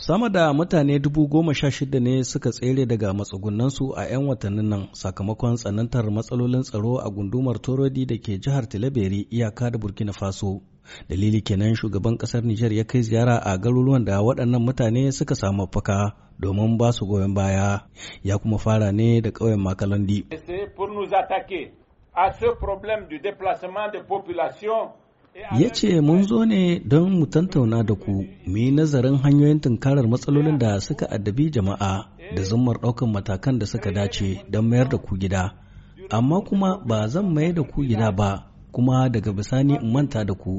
Sama da mutane dubu goma sha shida ne suka tsere daga matsugunansu a 'yan watannin nan sakamakon tsanantar matsalolin tsaro a gundumar Torodi da ke jihar Tilaberi iyaka da Burkina Faso. Dalili kenan shugaban kasar Nijar ya kai ziyara a garuruwan da waɗannan mutane suka samu faka domin ba su goyon baya ya kuma fara ne da ƙauyen Makalandi. de ya ce mun zo ne don mu tantauna da ku mu yi nazarin hanyoyin tunkarar matsalolin da suka addabi jama'a da zummar ɗaukan matakan da suka dace don mayar da ku gida amma kuma ba zan mayar da ku gida ba kuma daga bisani in manta da ku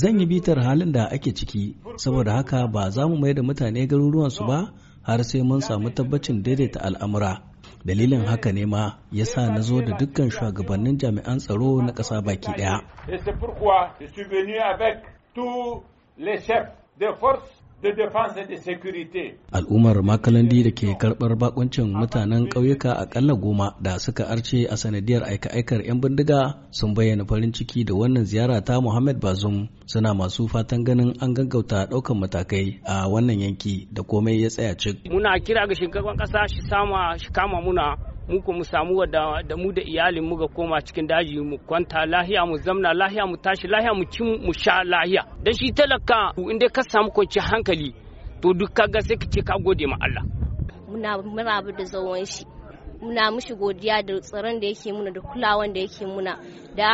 zan yi bitar halin da ake ciki saboda haka ba za mu mayar da mutane garuruwansu ba har sai mun samu tabbacin daidaita al'amura dalilin haka ne ma ya sa na zo da dukkan shugabannin jami'an tsaro na ƙasa baki ɗaya. de défense et de sécurité. Al'ummar Makalandi da ke karɓar bakuncin mutanen ƙauyuka kalla goma da suka arce a sanadiyar aika-aikar 'yan bindiga sun bayyana farin ciki da wannan ziyara ta Muhammad Bazum suna masu fatan ganin an gaggauta ɗaukan matakai a wannan yanki da komai ya tsaya cik. Muna kira ga shugaban ƙasa shi sama shi kama muna mu ko mu samu da mu da iyalin mu ga koma cikin daji mu kwanta lahiya mu zamna lahiya mu tashi lahiya mu ci mu sha lahiya dan shi talaka in dai ka samu kwanci hankali to duk kaga sai ka ce ka gode ma Allah muna murabu da zawon shi muna mushi godiya da tsaron da yake muna da kulawan da yake muna da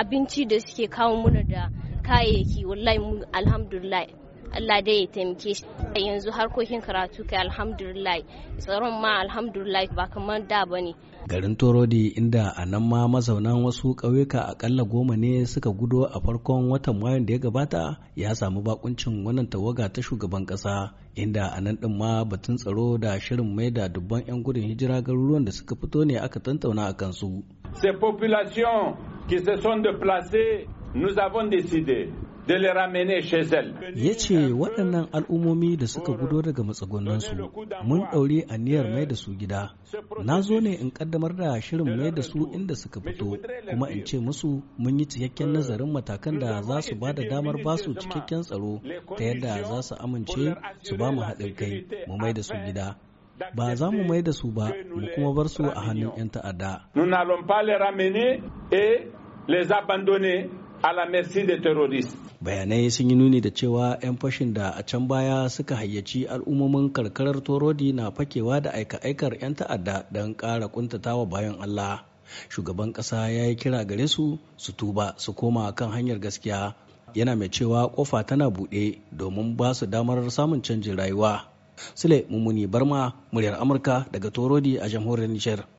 abinci da suke kawo muna da kayayyaki wallahi alhamdulillah Allah dai ya taimake shi yanzu harkokin karatu kai alhamdulillah tsaron ma alhamdulillah ba kamar da bane garin torodi inda a nan ma mazaunan wasu ƙauyuka akalla goma ne suka gudo a farkon watan mayun da ya gabata ya samu bakuncin wannan tawaga ta shugaban ƙasa inda a nan ɗin ma batun tsaro da shirin mai da dubban 'yan gudun hijira garuruwan da suka fito ne aka tantauna a kansu. Ces populations qui se sont déplacées, nous avons décidé ya ce waɗannan al'ummomi da suka gudo daga matsugunansu mun ɗauri aniyar mai da su gida na zo ne in ƙaddamar da shirin mai da su inda suka fito kuma in ce musu mun yi cikakken nazarin matakan da za su ba da damar ba su cikakken tsaro ta yadda za su amince su ba mu haɗin kai mu mai da su gida ba za mu mai da su ba mu kuma bar su a hannun 'yan ta'adda. Nous n'allons pas les ramener et les abandonner à la merci des terroristes. Bayanai sun yi nuni da cewa 'yan fashin da a can baya suka hayyaci al'ummomin karkarar Torodi na fakewa da aika-aikar 'yan ta'adda don ƙara kuntatawa bayan Allah. Shugaban ƙasa ya yi kira gare su su tuba su koma kan hanyar gaskiya yana mai cewa kofa tana buɗe domin ba su damar samun canjin rayuwa. Sule Mummuni Barma, muryar Amurka daga Torodi a jamhuriyar Nijar.